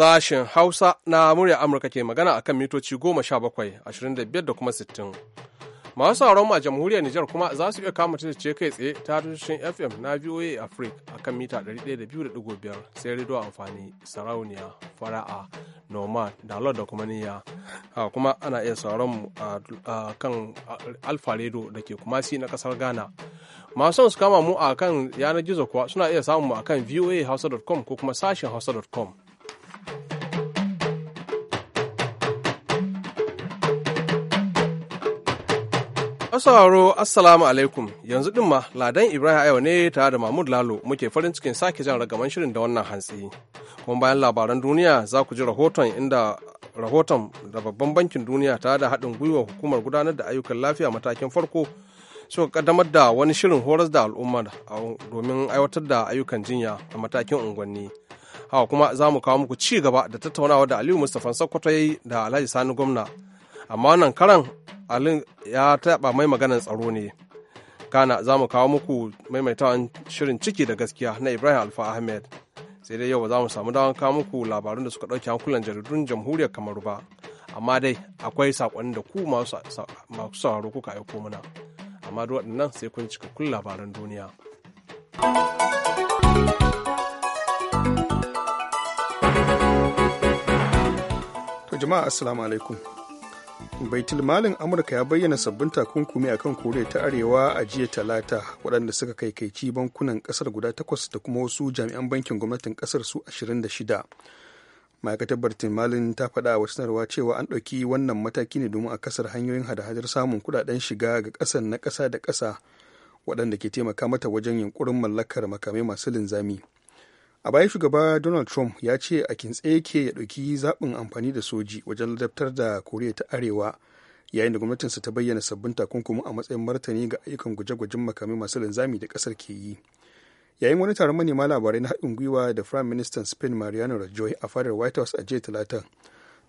Sashen Hausa na murya Amurka ke magana akan mitoci goma sha bakwai, ashirin da biyar da kuma sittin. Masu sauran a jamhuriyar Nijar kuma za su iya kama ce kai tsaye ta tushen FM na VOA Africa akan mita 102.5 sai rido amfani sarauniya fara'a noma download da kuma niyya haka kuma ana iya sauran mu a kan alfa radio da ke kuma si na kasar Ghana. Masu su kama mu a kan yanar gizo kuwa suna iya samun mu a kan voahausa.com ko kuma sashen hausa.com. Masu Assalamu alaikum yanzu ɗin ma Ladan Ibrahim Ayo ne tare da Mahmud Lalo muke farin cikin sake jan ragaman shirin da wannan hantsi. Kuma bayan labaran duniya za ku ji rahoton inda rahoton da babban bankin duniya tare da haɗin gwiwa hukumar gudanar da ayyukan lafiya matakin farko suka kaddamar da wani shirin horas da al'umma domin aiwatar da ayyukan jinya a matakin unguwanni hawa kuma za mu kawo muku ci gaba da tattaunawa da aliyu mustapha sokoto da alhaji sani gwamna amma wannan karan alin ya taɓa mai maganar tsaro ne kana za mu kawo muku maimaitawan shirin ciki da gaskiya na ibrahim alfa ahmed sai dai yau ba za mu samu dawon kawo muku labarun da suka ɗauki hankulan jaridun jamhuriyar kamar ba amma dai akwai saƙonin da ku masu sauraro kuka aiko mana amma duk waɗannan sai kun cika kun labaran duniya to jama'a assalamu alaikum baitul malin amurka ya bayyana sabbin takunkumi a kan koriya ta arewa a jiya talata waɗanda suka kai kaici bankunan ƙasar guda takwas da kuma wasu jami'an bankin gwamnatin ƙasar su 26 ma'aikatar bartin malin ta faɗa wasu sanarwa cewa an ɗauki wannan mataki ne domin a kasar hanyoyin hada-hadar samun kuɗaɗen shiga ga ƙasar na ƙasa da ƙasa waɗanda ke taimaka mata wajen yunkurin mallakar makamai masu linzami a baya shugaba donald trump ya ce a kintse yake ya ɗauki zaɓin amfani da soji wajen ladabtar da koriya ta arewa yayin da gwamnatinsa ta bayyana sabbin takunkumi a matsayin martani ga ayyukan gwaje-gwajen makamai masu linzami da ƙasar ke yi yayin wani taron manema labarai na haɗin gwiwa da prime minister spain mariano rajoy a fadar white house a jiya talata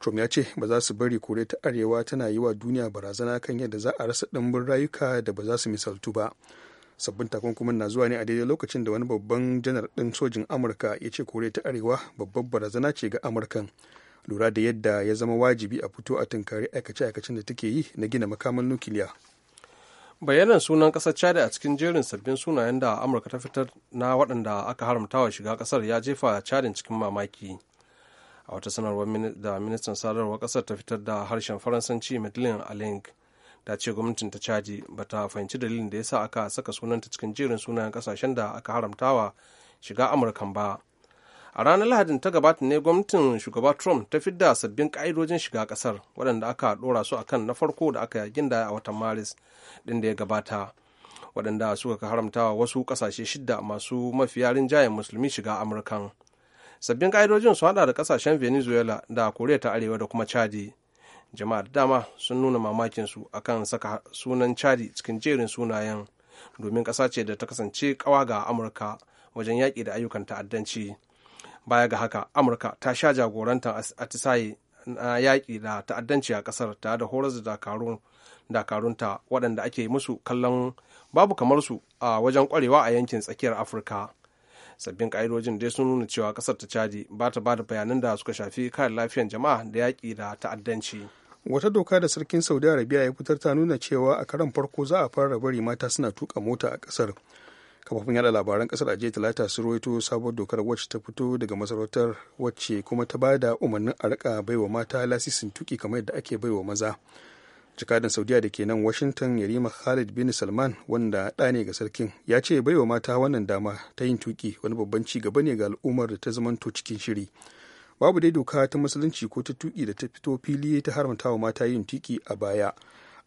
trump ya ce ba za su bari koriya ta arewa tana yi wa duniya barazana kan yadda za a rasa ɗimbin rayuka da ba za su misaltu ba sabbin takunkumin na zuwa ne a daidai lokacin da wani babban janar ɗin sojin amurka ya ce kore ta arewa babbar barazana ce ga amurkan lura da yadda ya zama wajibi a fito a tunkari aikace-aikacen da take yi na gina makaman nukiliya bayanan sunan kasar chad a cikin jerin sabbin sunayen da amurka ta fitar na waɗanda aka haramtawa shiga kasar ya jefa chadin cikin mamaki a wata sanarwar da ministan sadarwar ƙasar ta fitar da harshen faransanci madeleine alink ta ce gwamnatin ta caji ba ta fahimci dalilin da ya sa aka saka sunanta cikin jerin sunayen kasashen da aka haramtawa shiga amurkan ba a ranar lahadin ta gabata ne gwamnatin shugaba trump ta fidda sabbin ka'idojin shiga kasar waɗanda aka ɗora su akan na farko da aka ginda a watan maris ɗin da ya gabata waɗanda suka haramtawa wasu ƙasashe shidda masu mafiya rinjayen musulmi shiga amurkan sabbin ka'idojin sun haɗa da ƙasashen venezuela da koriya ta arewa da kuma chadi jama'a da dama sun nuna mamakinsu kan saka sunan chadi cikin jerin sunayen domin ƙasa ce da ta kasance kawa ga amurka wajen yaƙi da ayyukan ta'addanci baya ga haka amurka ta sha jagorantar atisaye na yaƙi da ta'addanci a ƙasar tare da horar da dakarunta waɗanda ake musu kallon babu kamar su a wajen ƙwarewa a yankin tsakiyar afirka sabbin ƙa'idojin dai sun nuna cewa ƙasar ta chadi ba ta ba da bayanan da suka shafi kare lafiyar jama'a da yaƙi da ta'addanci. wata doka da sarkin saudi arabia ya fitar ta nuna cewa a karan farko za a fara bari mata suna tuka mota a kasar kafafun yada labaran kasar a jiya talata su rawaito sabuwar dokar wacce ta fito daga masarautar wacce kuma ta bada umarnin a rika baiwa mata lasisin tuki kamar yadda ake baiwa maza jakadan saudiya da ke nan washington yarima khalid bin salman wanda ɗa ne ga sarkin ya ce baiwa mata wannan dama ta yin tuki wani babban ci gaba ne ga al'ummar da ta zamanto cikin shiri babu dai doka ta musulunci ko ta tuki da ta fito fili ta haramta wa mata yin tuki a baya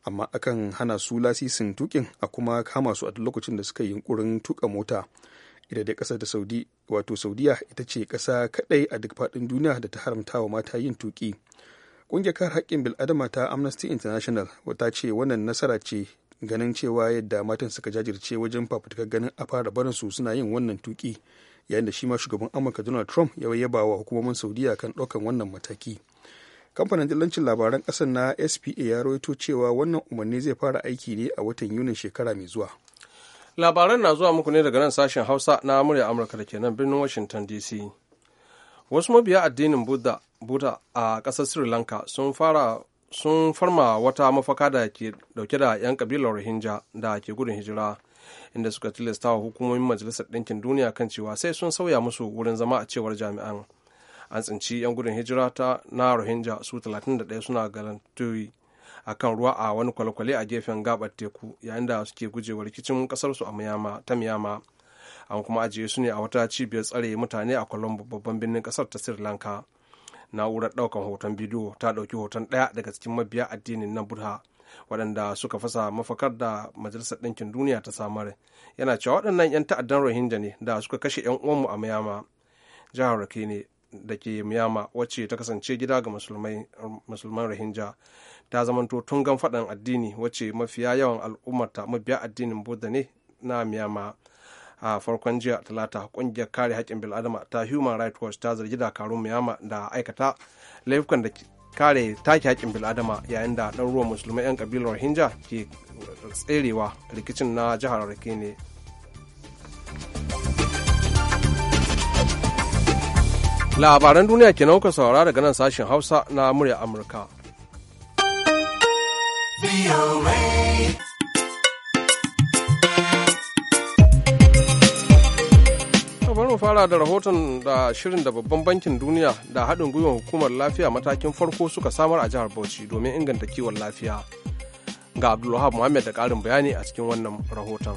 amma akan hana su lasisin tukin a kuma kama su a lokacin da suka yi yunkurin tuka mota ita dai kasar da saudi wato saudiya ita ce kasa kadai a duk faɗin duniya da ta haramta wa mata yin tuki ƙungiyar kar haƙƙin bil'adama ta amnesty international wata ce wannan nasara ce ganin cewa yadda matan suka jajirce wajen fafutukar ganin a fara barin su suna yin wannan tuki yayin da shi ma shugaban amurka donald trump ya yaba wa hukumomin saudiya kan ɗaukan wannan mataki kamfanin dillancin labaran ƙasar na spa ya rawaito cewa wannan umarni zai fara aiki ne a watan yunin shekara mai zuwa labaran na zuwa muku ne daga nan sashen hausa na murya amurka da kenan birnin washington dc wasu mabiya addinin buddha a ƙasar sri lanka sun fara sun farma wata mafaka da ke dauke da 'yan kabilar rohingya da ke gudun hijira inda suka tilasta wa hukumomin majalisar ɗinkin duniya kan cewa sai sun sauya musu wurin zama a cewar jami'an an tsinci 'yan gudun hijira ta na rohingya su 31 suna galantoyi a kan ruwa a wani kwale-kwale a gefen gabar teku yayin da suke gujewa rikicin kasarsu a ta miyama an kuma ajiye su ne a wata cibiyar tsare mutane a colombo babban birnin kasar ta sri lanka na'urar ɗaukar hoton bidiyo ta ɗauki hoton ɗaya daga cikin mabiya addinin na buddha waɗanda suka fasa mafakar da majalisar ɗinkin duniya ta samar yana cewa waɗannan 'yan ta'addan rohingya ne da suka kashe 'yan uwanmu a miyama jihar rakene da ke miyama wacce ta kasance gida ga musulman rohingya ta zamanto tungan faɗan addini wacce mafiya yawan al'ummarta mabiya addinin buddha ne na miyama a farkon jiya talata kungiyar kare haƙƙin bil'adama ta human rights watch ta zargi dakarun miyama da aikata laifukan da kare take haƙƙin bil'adama yayin da ɗan ruwan musulmai 'yan ƙabilar rohingya ke tserewa rikicin na jihar rakene labaran duniya ke nauka saurara daga nan sashen hausa na murya amurka bari mu fara da rahoton da shirin da babban bankin duniya da haɗin gwiwar hukumar lafiya matakin farko suka samar a jihar Bauchi domin inganta kiwon lafiya. Ga Abdulwahab Muhammad da ƙarin bayani a cikin wannan rahoton.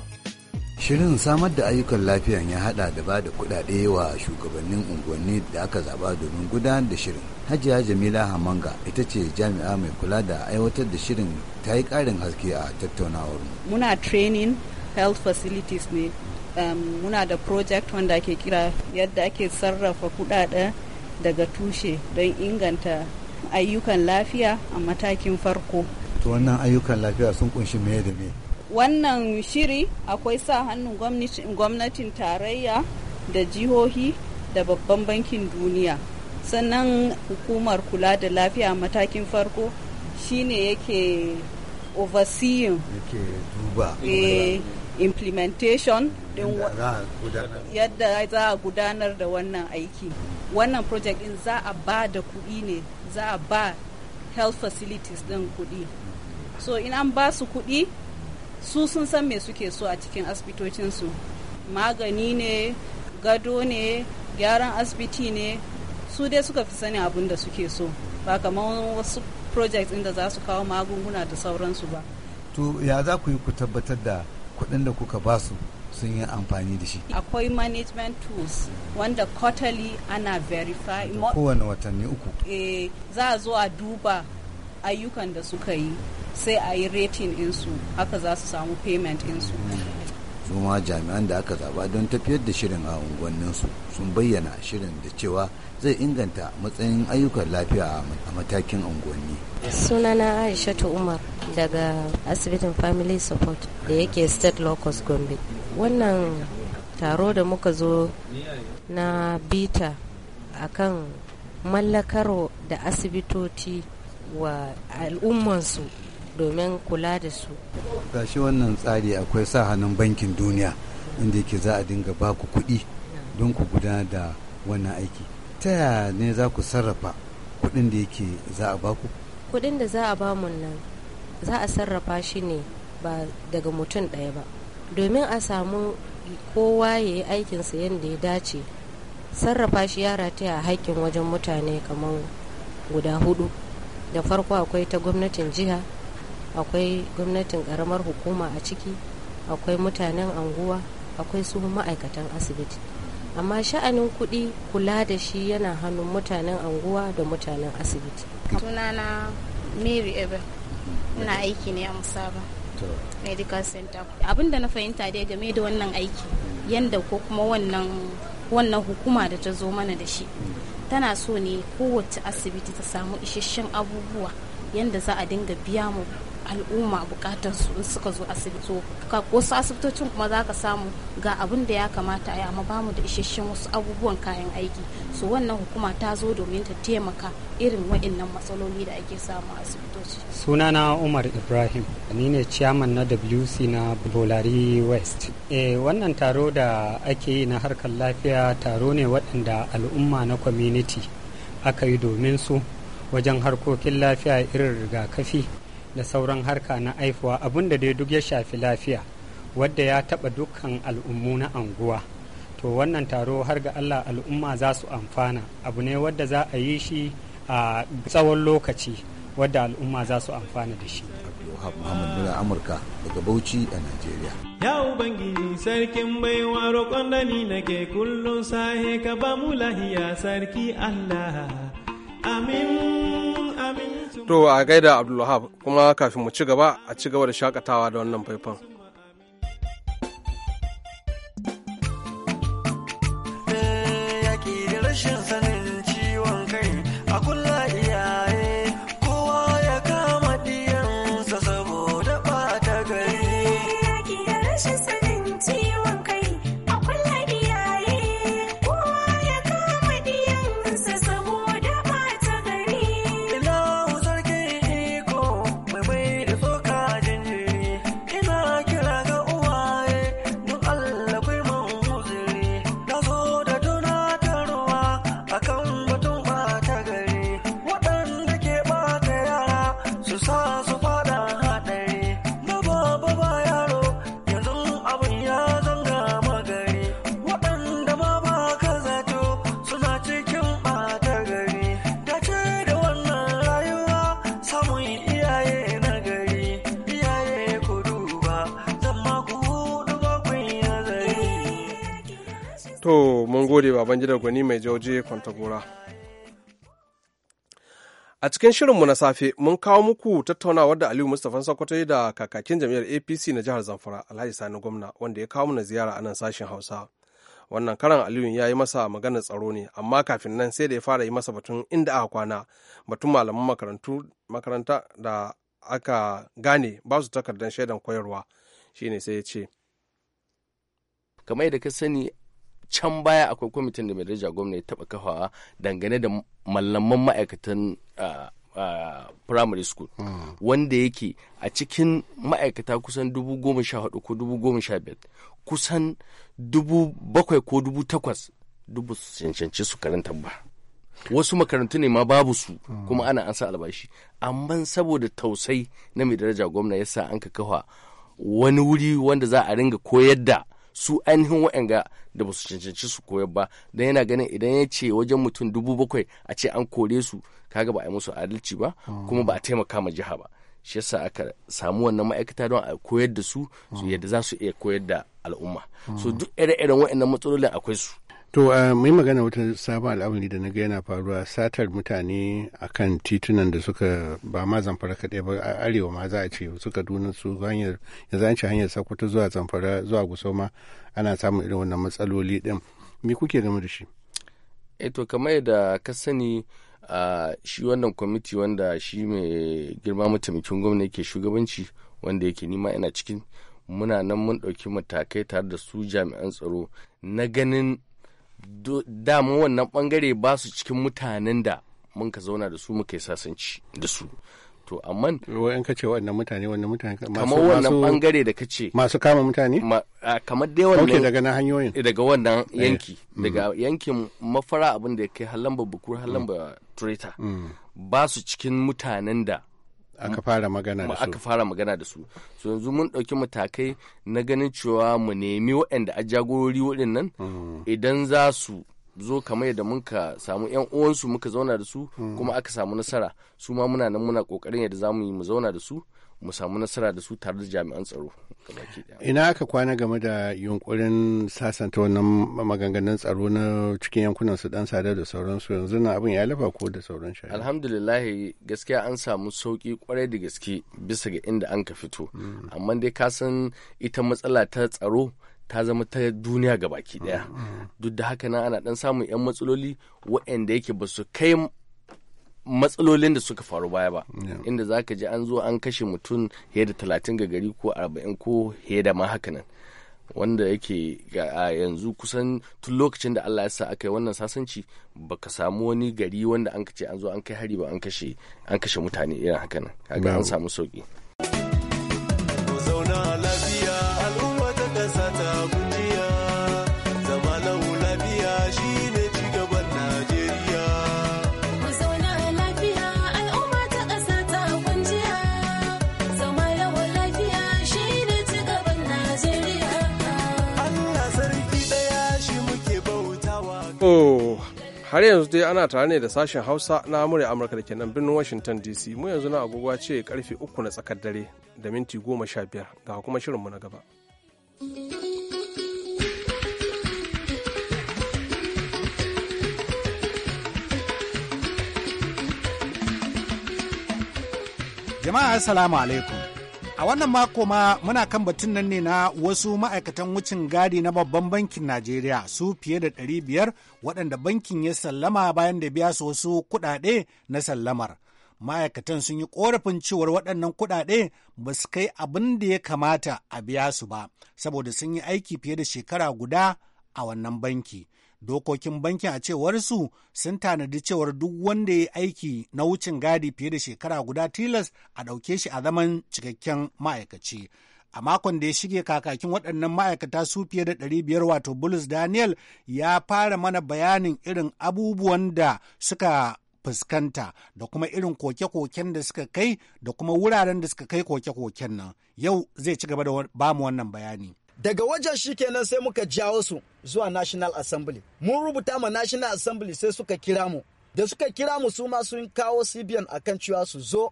Shirin samar da ayyukan lafiyan ya haɗa da ba da kudade wa shugabannin unguwanni da aka zaba domin gudanar da shirin. Hajiya Jamila Hamanga ita ce jami'a mai kula da aiwatar da shirin ta yi karin haske a tattaunawar. Muna training health facilities ne Um, muna da project wanda ake kira yadda ake sarrafa kuɗaɗe daga tushe don inganta ayyukan lafiya a matakin farko. To wannan ayyukan lafiya sun kunshi me da me? Wannan shiri akwai sa hannun gwamnatin tarayya da jihohi da babban bankin duniya. Sannan hukumar kula da lafiya a matakin farko shine yake overseeing. Yake duba. Eh, implementation din yadda za a gudanar da wannan aiki wannan project din za a ba da kuɗi ne za a ba health facilities din kuɗi so in an ba su kuɗi su sun san me suke so a cikin asibitocinsu magani ne gado ne gyaran asibiti ne su dai suka fi sani abun da suke so ba kamar wasu project inda za su kawo magunguna da sauransu ba to ya za ku yi ku tabbatar da kuɗin da kuka ba su sun yi amfani da shi. Akwai management tools wanda quarterly ana verify. Kowane watanni uku. Eh, za a zo a duba ayyukan da suka yi sai a yi rating insu haka za su samu payment insu. su jami'an da aka zaba don tafiyar da shirin a unguwannin su sun bayyana shirin da cewa zai inganta matsayin ayyukan lafiya a matakin unguwanni. sunana aisha umar daga asibitin family support da yake state locus gombe wannan taro da muka zo na bita akan mallakar da asibitoci wa al'ummansu domin kula da su gashi wannan tsari akwai sa hannun bankin duniya inda yake za a dinga ba ku kuɗi don ku gudanar da wannan aiki ta yaya ne za ku sarrafa kuɗin da yake za a ba ku kuɗin da za a ba mu nan za a sarrafa shi ne ba daga mutum ɗaya ba domin a samu kowa ya yi aikinsa yadda ya dace sarrafa shi ya rataya haƙƙin wajen mutane kamar guda hudu da farko akwai ta gwamnatin jiha akwai gwamnatin ƙaramar hukuma a ciki akwai mutanen anguwa akwai su ma'aikatan asibiti amma sha'anin kuɗi kula da shi yana hannun mutanen anguwa da mutanen asibiti sunana mary ebe ina aiki ne a musaba medical center abin da na fahimta dai game da wannan aiki yadda ko kuma wannan wannan hukuma da ta zo mana da shi tana so ne kowace asibiti ta samu isasshen abubuwa yadda za a dinga biya mu al'umma bukatar su in suka zo asibito ka wasu asibitocin kuma za ka samu ga abin da ya kamata a yi amma bamu da isasshen wasu abubuwan kayan aiki su wannan hukuma ta zo domin ta taimaka irin wa'annan matsaloli da ake samu a asibitoci sunana umar ibrahim ni ne ciyaman na wc na bolari west e, wannan taro da ake yi na harkar lafiya taro ne waɗanda al'umma na community aka yi domin su wajen harkokin lafiya irin rigakafi da sauran harka na aifuwa abin da dai duk ya shafi lafiya wadda ya taɓa dukkan al'ummu na anguwa to wannan taro har ga allah al'umma za su amfana abu ne wadda za a yi shi a tsawon lokaci wadda al'umma za su amfana da shi Muhammad Mura Amurka daga Bauchi a Najeriya. Ya Ubangiji sarkin baiwa roƙon da ni nake kullum sahe ka ba mu lahiya sarki Allah. Amin, amin. To a gaida Abdulwahab kuma kafin mu ci gaba a ci gaba da shakatawa da wannan faifan. Babangida Gwani mai jauje Kwantagora. A cikin shirinmu na safe mun kawo muku tattaunawar da Aliyu Mustapha Sokoto da kakakin jami'ar APC na jihar Zamfara Alhaji Sani Gwamna wanda ya kawo mana ziyara a nan sashen Hausa. Wannan karan Aliyu ya yi masa magana tsaro ne amma kafin nan sai da ya fara yi masa batun inda aka kwana batun malaman makarantu makaranta da aka gane ba su takardar shaidan koyarwa shine sai ya ce. Kamar yadda ka sani can baya akwai kwamitin da mai daraja gwamna ya taɓa kafawa dangane da mallaman ma'aikatan primary school wanda yake a cikin ma'aikata kusan dubu goma sha hudu ko dubu goma sha biyar kusan dubu bakwai ko dubu takwas dubu cancanci su karanta ba wasu makarantu ne ma babu su kuma ana an sa albashi amma saboda tausai na mai daraja gwamna yasa an ka kafa wani wuri wanda za a ringa koyar da su ainihin waɗanga da ba su cancanci su koyar ba don yana ganin idan ya ce wajen mutum dubu bakwai a ce an kore su kaga ba a yi musu adalci ba kuma ba a taimaka ma jiha ba shi yasa aka samu wannan ma'aikata don a koyar da su yadda za su iya koyar da al'umma so duk ire-iren waɗannan matsalolin akwai su To uh, mai magana wata sabon al'amari da na ga yana faruwa satar mutane a kan titunan da suka ba ma zamfara kaɗai ba a arewa ma za a ce su dunan su hanyar yanzu an ce hanyar sakkwato zuwa zamfara zuwa gusau ma ana samun irin wannan matsaloli ɗin me kuke game da shi. E to kamar yadda ka sani a shi wannan kwamiti wanda shi mai girma mataimakin gwamna yake shugabanci wanda yake nima yana cikin muna nan mun ɗauki matakai tare da su jami'an tsaro na ganin dama wannan bangare ba su cikin mutanen da mun ka zauna da su muka yi sasanci da su to amma wayan ka ce wannan mutane wannan mutane kamar wannan bangare da ka ce masu kama mutane kamar dai wannan okay, daga na hanyoyin eh, daga wannan eh, yanki mm. daga yankin mafara abin da ya kai halamba bukur halamba traitor mm. ba su cikin mutanen da aka fara magana da su aka fara magana da su so yanzu mun ɗauki matakai na ganin cewa mu nemi waɗanda a jagorori waɗannan mm. idan za su zo kamar yadda muka samu yan uwansu muka zauna da su mm. kuma aka samu nasara su ma muna nan muna kokarin yadda za mu yi mu zauna da su mu samu nasara da su tare da jami'an tsaro ina aka kwana game da yunkurin sasanta wannan maganganun tsaro na cikin yankunan su dan sadar da sauransu yanzu na abin ya lafa ko da sauran shi alhamdulillah gaskiya an samu sauki kwarai da gaske bisa ga inda an ka fito mm. amma dai ka san ita matsala ta tsaro ta zama ta duniya gabaki daya mm, mm. duk da haka nan ana dan samun yan matsaloli waɗanda yake ba su kai matsalolin da suka faru baya ba inda za ka ji an zo an kashe mutum fiye da talatin ga gari ko arba'in ko fiye da ma haka nan wanda yake a yanzu kusan tun lokacin da Allah ya sa aka yi wannan sasanci baka samu wani gari wanda an kace an zo an kai hari ba an kashe mutane irin haka nan kaga an samu sauki har yanzu dai ana tare ne da sashen hausa na murya amurka da kenan birnin washington dc mu yanzu na agogo ce karfe uku na tsakar dare da minti goma sha biyar ga kuma shirinmu na gaba jama'a assalamu alaikum A wannan mako ma muna kan batun nan ne na wasu ma'aikatan wucin gadi na babban bankin Najeriya su fiye da ɗari biyar waɗanda bankin ya sallama bayan da biya su wasu kuɗaɗe na sallamar. Ma'aikatan sun yi ƙorafin cewar waɗannan kuɗaɗe ba su kai abin da ya kamata a biya su ba, saboda sun yi aiki fiye da shekara guda a wannan banki. dokokin bankin a cewarsu sun tanadi cewar duk wanda ya yi aiki na wucin gadi fiye da shekara guda tilas a ɗauke shi a zaman cikakken ma'aikaci. a makon da ya shige kakakin waɗannan ma'aikata su fiye da ɗari biyar wato bulus daniel ya fara mana bayanin irin abubuwan da suka fuskanta da kuma irin koke-koken da suka kai da kuma wuraren da suka kai koke-koken nan yau zai ci gaba da bamu wannan bayani daga wajen shi kenan sai muka jawo su zuwa national assembly mun rubuta ma national assembly sai suka kira mu da suka kira mu su ma sun kawo cbn akan cewa su zo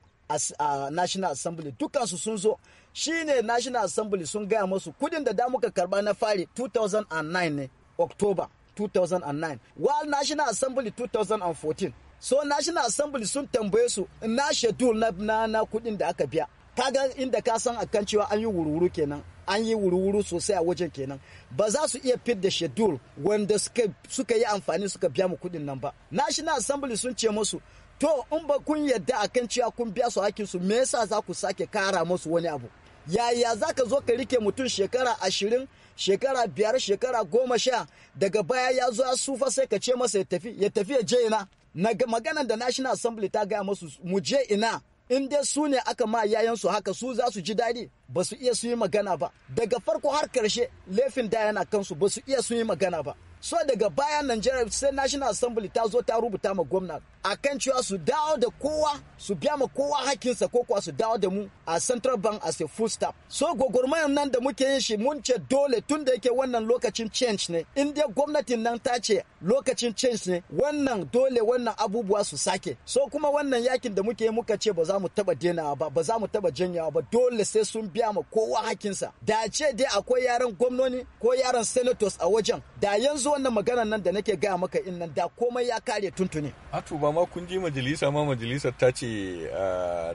a national assembly dukansu sun zo shine national assembly sun gaya masu kudin da da muka karba na fari 2009 ne october 2009 while national assembly 2014 so national assembly sun tambaye su na shedul na na kudin da aka biya kaga inda ka san akan cewa an yi wururu kenan an yi wuri-wuri sosai a wajen kenan ba za su iya fit da shedul wanda suka yi amfani suka biya mu kuɗin nan ba national assembly sun ce masu to in ba kun yadda kan cewa kun biya su hakkin su me yasa za ku sake kara masu wani abu yaya za ka zo ka rike mutum shekara ashirin shekara biyar shekara goma sha daga baya ya zo ya sufa sai ka ce masa ya tafi ya tafi ya je ina na maganar da national assembly ta gaya masu mu je ina in dai su ne aka ma yayansu haka su za su ji daɗi ba su iya su yi magana ba daga farko har karshe laifin da yana kansu ba su iya su yi magana ba so daga baya nigeria sai National Assembly ta zo ta rubuta ma gwamna a kan cewa su dawo da kowa su biya ma kowa hakinsa ko kuwa su dawo da mu a Central Bank as a full stop. So gwagwarmayar nan da muke yin shi mun ce dole tun da yake wannan lokacin change ne. In dai gwamnatin nan ta ce lokacin change ne wannan dole wannan abubuwa su sake so kuma wannan yakin da muke muka ce ba za mu taba denawa ba ba za mu taba janyawa ba dole sai sun biya ma kowa hakinsa da ce dai akwai yaran gwamnoni ko yaran senators a wajen da yanzu wannan magana nan da nake gaya maka in nan da komai ya kare tuntuni atu ba ma kun ji majalisa ma majalisa ta ce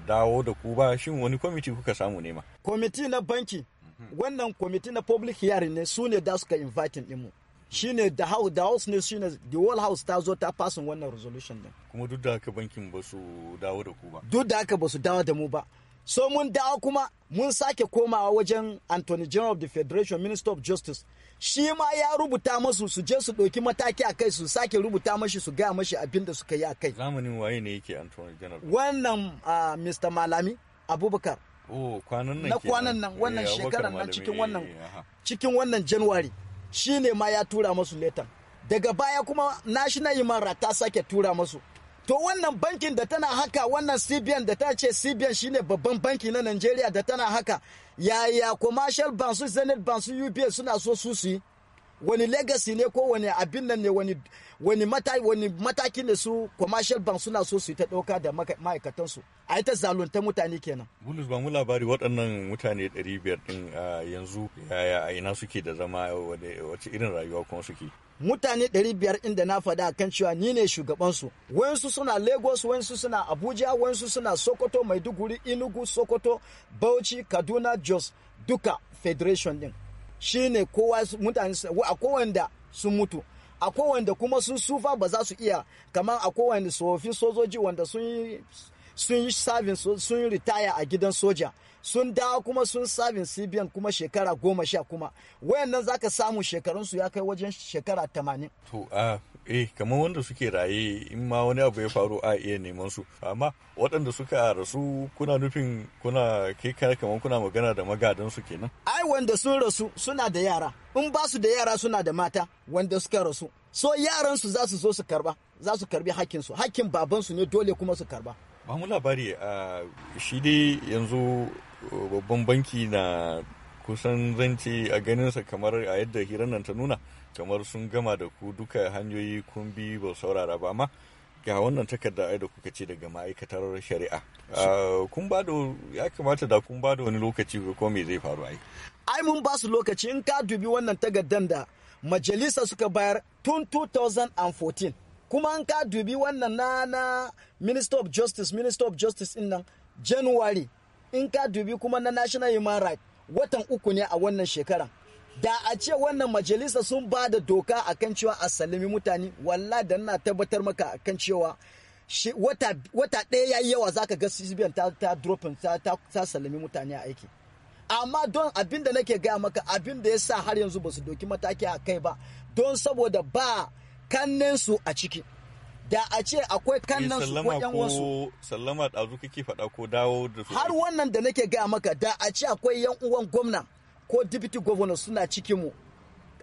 dawo da ku ba shin wani kwamiti kuka samu ne kwamiti na banki mhm. wannan kwamiti na public hearing ne su ne da suka inviting mu. shine da house da house ne shine the whole house ta zo ta fasin wannan resolution din kuma duk da haka bankin ba su dawo da ku ba duk da haka ba su dawo da mu ba so mun dawo kuma mun sake komawa wajen Anthony General of the Federation Minister of Justice shi ma ya rubuta masu su je su ɗauki mataki a kai su sake rubuta mashi su gaya mashi abin da suka yi a kai zamanin waye ne yake Anthony General wannan uh, Mr Malami Abubakar oh kwanan nan na kwanan nan wannan eh, shekarar nan cikin wannan eh, cikin wannan January shi ne ma ya tura masu letan daga baya kuma national human ta sake tura masu to wannan bankin da tana haka wannan cbn da ta ce cbn shine babban banki na nigeria da tana haka yaya commercial bank su zenith bank su uba suna so su su yi wani legacy ne ko wani abin nan ne wani mataki ne su commercial bank suna so su ta ɗauka da ma'aikatansu a yi ta zalunta mutane kenan. Bulus ba mu labari waɗannan mutane 500 ɗin yanzu yaya a ina suke da zama wace irin rayuwa kuma suke. Mutane 500 da na faɗa kan cewa ni ne shugabansu. Wayansu suna Lagos, wayansu suna Abuja, wayansu suna Sokoto, Maiduguri, Enugu, Sokoto, Bauchi, Kaduna, Jos, duka Federation ɗin. shine kowa mutane su a kowanda sun mutu a kowanda kuma sun sufa ba za su iya kamar a kowanda tsofaffin sojoji wanda sun yi. sun yi sabin sun ritaya a gidan soja sun dawo kuma sun sabin cbn kuma shekara goma sha kuma wayannan zaka samu shekarunsu ya kai wajen shekara tamanin. to a eh kamar wanda suke raye in ma wani abu ya faru a iya neman su amma waɗanda suka rasu kuna nufin kuna kai kamar kuna magana da magadan su kenan. ai wanda sun rasu suna da yara in ba su da yara suna da mata wanda suka rasu so yaran su za su zo su karba za su karbi hakkin su hakkin baban su ne dole kuma su karba ba mu labari a shi dai yanzu uh, babban banki na kusan zance a ganinsa kamar a yadda hirar nan ta nuna kamar sun gama da ku duka hanyoyi kun bi ba saurara ba ma ga wannan takarda da kuka ce daga ma'aikatar shari'a kun ba da ya kamata da kun ba da wani lokaci ko me zai faru ai ai mun ba su lokaci in ka dubi wannan takardar da majalisa suka bayar tun 2014 kuma an ka dubi wannan na na minister of justice minister of justice in nan january in ka dubi kuma na national human right watan uku ne a wannan shekaran da a ce wannan majalisa sun ba da doka a kan cewa a sallami mutane walla da na tabbatar maka a kan cewa wata ɗaya yayi yawa za ka ga cbn ta ta dropping ta ta sallami mutane a aiki amma don abin da nake gaya maka abin da ya sa har yanzu ba su doki mataki a kai ba don saboda ba kannensu a ciki da a ce akwai eh, kannan su ko yan wasu sallama ɗazu kake faɗa ko dawo da su har wannan da nake gaya maka da a ce akwai yan uwan gwamna ko deputy governor suna cikin mu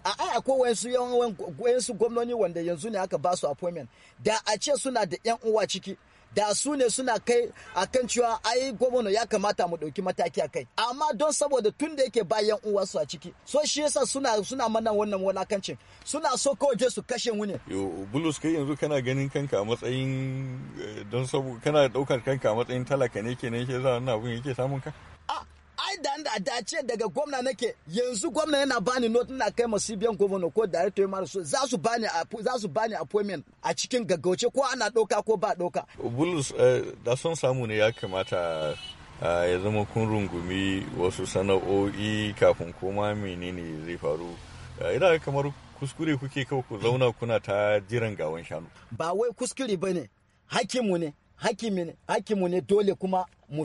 a ai akwai wayansu yan wayansu gwamnoni wanda yanzu ne aka ba su appointment da a ce suna da yan uwa ciki da su ne suna kai a kan cewa ai gwamna ya kamata mu ɗauki mataki a kai amma don saboda tun da yake bayan uwansu a ciki so shi yasa suna suna mana wannan walakancin suna so kawai je su kashe wuni. ne yo bulus kai yanzu kana ganin kanka a matsayin eh, don saboda kana daukar kanka a matsayin talaka ne kenan shi yasa wannan abun yake samun ka ai da da da ce daga gwamna nake yanzu gwamna yana bani note na kai ma CBN governor ko director ya marasu za su bani za su bani appointment a cikin gaggauce ko ana doka ko ba doka bulus eh, da son samu ne ya kamata eh, ya zama kun rungumi wasu sana'o'i kafin koma menene zai faru eh, ina kamar kuskure kuke kawai ku zauna kuna ta jiran gawan shanu ba wai kuskure bane hakimu ne ne hakimu ne dole kuma mu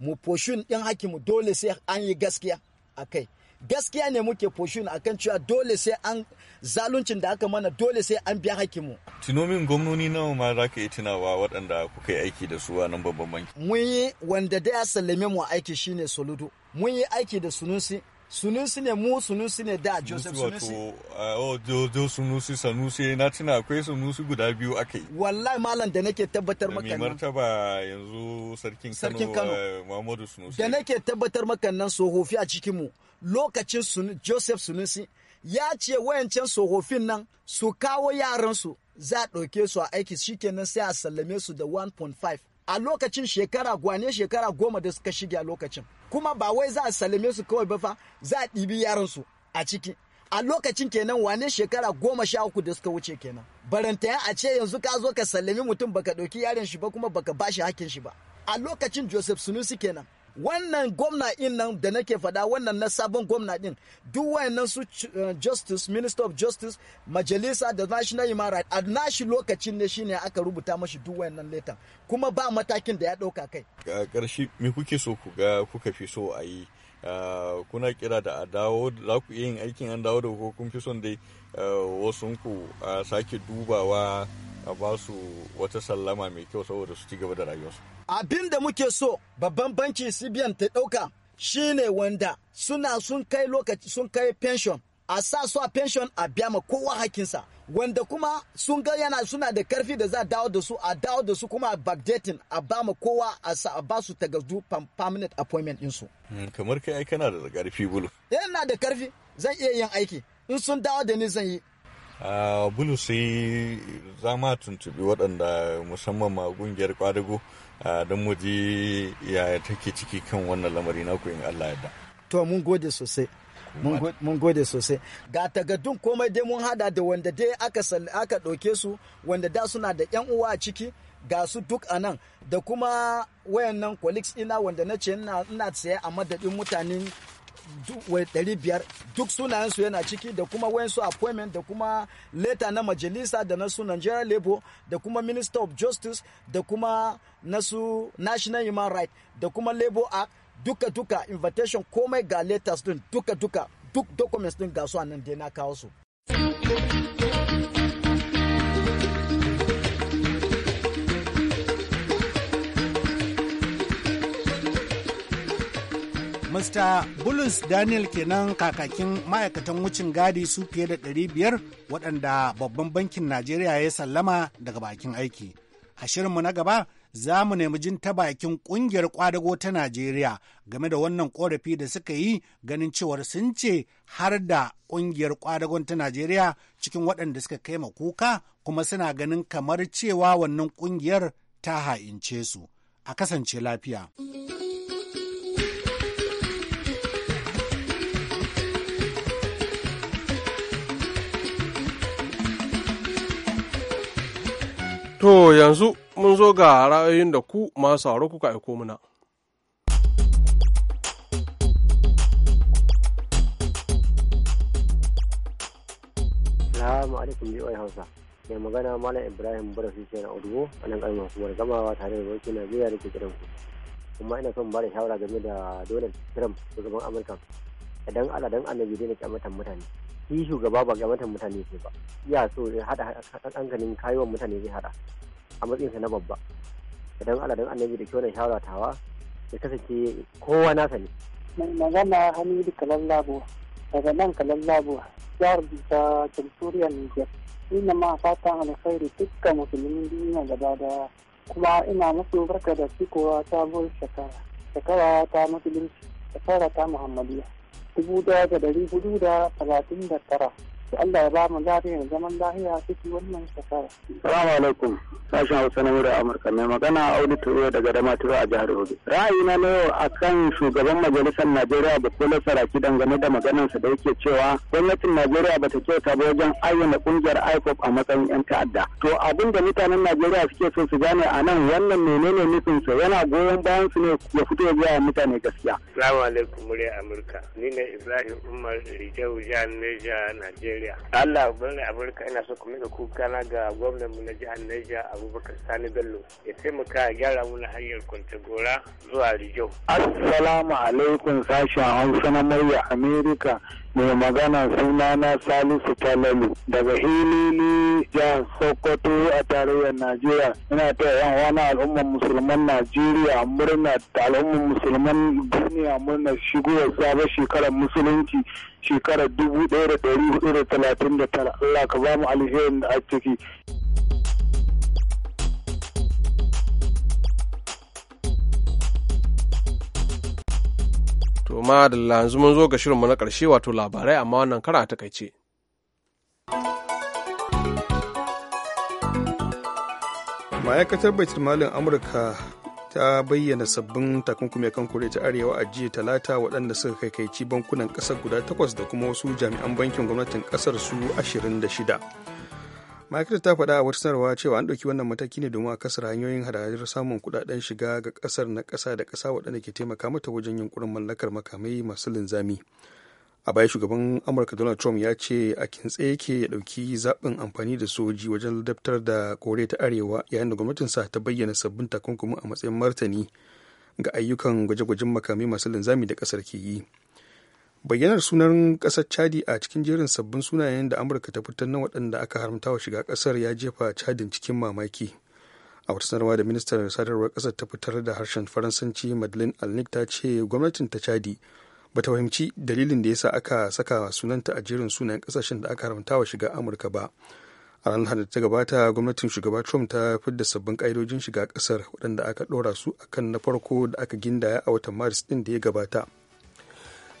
mu poshun ɗin hakimu dole sai an yi gaskiya a kai gaskiya ne muke a kan cewa dole sai an zaluncin da aka mana dole sai an biya hakimu tunomin gwamnoni nawa ma za ka yi tunawa waɗanda kuka yi aiki da su a nan babban banki mun yi wanda da ya sallame mu aiki shine soludo mun yi aiki da sunusi sunusi ne mu sunusi ne da joseph sunusi wato jojo eh, oh, sunusi sanusi na tuna akwai sunusi guda biyu aka yi wallahi malam da nake tabbatar maka nan martaba yanzu sarkin kano kano eh, muhammadu sunusi da nake tabbatar maka nan sohofi a cikin mu lokacin joseph sunusi ya ce wayancan sohofin nan su kawo yaransu za a ɗauke su a aiki shikenan sai a sallame su da 1.5 a lokacin shekara gwane shekara goma da suka shige a lokacin kuma ba wai za a salame su kawai ba fa za a ɗibi su a ciki a lokacin kenan wane shekara goma sha uku da suka wuce kenan barantaya a ce yanzu ka zo ka sallami mutum baka ɗauki yaron shi ba kuma baka bashi hakin shi ba a lokacin joseph sunusi kenan wannan gwamna in nan da nake fada wannan na sabon gwamna din duk wayannan su eh, justice minister of justice majalisa da national human rights a nashi lokacin ne shine aka rubuta mashi duk wayannan letan kuma ba matakin da ya ɗauka kai ga ƙarshe me kuke so ku ga kuka fi so a yi Eh, kuna kira da a dawo za ku iya yin aikin an dawo da ko kun fi son dai eh, wasu ku sake dubawa a ba su wata sallama mai kyau saboda su ci gaba da rayuwarsu. Abin da muke so babban banki CBN ta ɗauka shine wanda suna sun kai lokaci sun kai pension a sa su a pension a biya ma kowa hakinsa wanda kuma sun ga yana suna da karfi da za a dawo da su a dawo da su kuma a backdating a ba ma kowa a sa a ba su takardu permanent appointment ɗinsu. Hmm, kamar kai kana da karfi bulu. yana eh, da karfi zan iya yin aiki in sun dawo da ni zan yi bulu sai za ma tuntubi waɗanda musamman ma ƙungiyar kwadago don mu ji yaya take ciki kan wannan lamari na in allah yadda to mun gode sosai mun gode sosai ga tagaddun komai dai mun hada da wanda dai aka aka ɗauke su wanda da suna da yan uwa a ciki ga su duk a nan da kuma nan colleagues ina wanda na ce ina tsaye a madadin mutanen biyar duk sunayensu yana ciki da kuma su appointment da kuma leta na majalisa da nasu nigeria labor da kuma minister of justice da kuma nasu national human rights da kuma labor act duka-duka invitation komai ga letters din duka-duka duk documents din ga su a nan dai na kawo su. Mr. Bulus Daniel kenan kakakin ma'aikatan wucin gadi su fiye da 500 waɗanda babban bankin Najeriya ya sallama daga bakin aiki. A shirinmu na gaba za mu nemi jin ta bakin ƙungiyar ƙwadago ta Najeriya game da wannan ƙorafi da suka yi ganin cewar sun ce har da ƙungiyar ƙwadagon ta Najeriya cikin waɗanda suka kai ma kuka kuma suna ganin kamar cewa wannan ƙungiyar ta ha'ince su. A kasance lafiya. To yanzu mun zo ga ra'ayoyin da ku masu sauro kuka aiko muna. Salamu alaikum biyu Hausa. ya magana Malam Ibrahim Barafi ce na Odubo a nan ƙarfin hukumar gamawa tare da wakil Najeriya da ke kiran ku. Kuma ina son ba da shawara game da Donald Trump shugaban Amurka. Idan Allah dan annabi dai na kyamatan mutane. shi shugaba ba gamatan mutane ce ba iya so ya hada hankalin kayuwan mutane zai hada a matsayinsa na babba idan ala annabi da kyau na shawara tawa ya kasance kowa nasa ne magana hamidu kalan labo daga nan kalan labo jihar ta jamhuriyar niger ina ma fata alkhairi dukkan musulmin duniya gaba daya kuma ina musu barka da cikowa ta shekara shekara ta musulunci shekara ta muhammadiyya dubu daya da dari hudu da talatin da tara Allah ya ba mu lafiya zaman lafiya cikin wannan shekara. Assalamu alaikum. Sashen Hausa na Murar Amurka mai magana Audu Turo daga Damaturu a jihar Obi. Ra'ayina na yau akan shugaban majalisar Najeriya Bukola Saraki dangane da maganarsa da yake cewa gwamnatin Najeriya ba ta kyauta ba wajen ayyana kungiyar IPOP a matsayin 'yan ta'adda. To abin da mutanen Najeriya suke so su gane a nan wannan menene nufinsa yana goyon bayan su ne ya fito ya gaya mutane gaskiya. Assalamu alaikum Murar Amurka. Ni ne Ibrahim Umar Rijau Jihar Neja Najeriya. Najeriya. Allah gwamnan Amurka ina so ku mika kuka na ga gwamnan mu na jihar Niger Abubakar Sani Bello ya taimaka ya gyara mu na hanyar Kwantagora zuwa Rijau. Assalamu alaikum sashen Hausa na murya Amerika mai magana suna na salisu talalu daga hilili jihar sokoto a tarayyar najeriya ina ta yan wani al'ummar musulman najeriya murna da al'ummar musulman duniya murna shigowar sabon shekarar musulunci shekarar dubu allah ka ba mu alherin da a ciki To ma da yanzu mun zo ga shirinmu na ƙarshe wato labarai amma wannan kara a takaice. Ma'aikatar Baitul Malin Amurka ta bayyana sabbin takunkumi kan kure ta arewa a jiya talata waɗanda suka kai kaikaici bankunan ƙasar guda takwas da kuma wasu jami'an bankin gwamnatin ƙasar su shida. ma'aikatar ta faɗa a wata sanarwa cewa an ɗauki wannan mataki ne domin a kasar hanyoyin hadajar samun kuɗaɗen shiga ga ƙasar na ƙasa da ƙasa waɗanda ke taimaka mata wajen yunkurin mallakar makamai masu linzami a baya shugaban amurka donald trump ya ce a kintse yake ya ɗauki zaɓin amfani da soji wajen ladabtar da kore ta arewa yayin da gwamnatinsa ta bayyana sabbin takunkumi a matsayin martani ga ayyukan gwaje-gwajen makamai masu linzami da ƙasar ke yi bayyanar sunan kasar chadi a cikin jerin sabbin sunayen da amurka ta fitar na waɗanda aka haramta wa shiga kasar ya jefa chadin cikin mamaki a wata sanarwa da ministar sadarwar kasar ta fitar da harshen faransanci madeleine alnick ta ce gwamnatin ta chadi ba ta fahimci dalilin da ya sa aka saka sunanta a jerin sunayen kasashen da aka haramta wa shiga amurka ba a ranar da ta gabata gwamnatin shugaba trump ta fidda sabbin ƙa'idojin shiga kasar waɗanda aka ɗora su akan na farko da aka gindaya a watan maris ɗin da ya gabata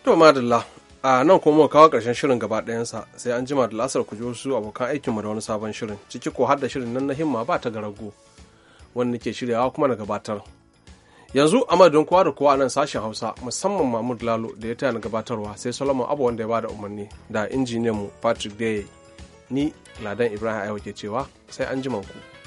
To madalla a nan kuma kawo ƙarshen shirin gaba ɗayansa sai an jima da lasar ku su abokan aikinmu da wani sabon shirin ciki ko hadda shirin nan na himma ba ta garago wanda nake shiryawa kuma na gabatar. Yanzu a madadin kowa da kowa nan sashen Hausa musamman Mahmud Lalo da ya taya na gabatarwa sai Solomon Abu wanda ya bada umarni da injiniyanmu Patrick Deye ni Ladan Ibrahim Ayo ke cewa sai an jima ku.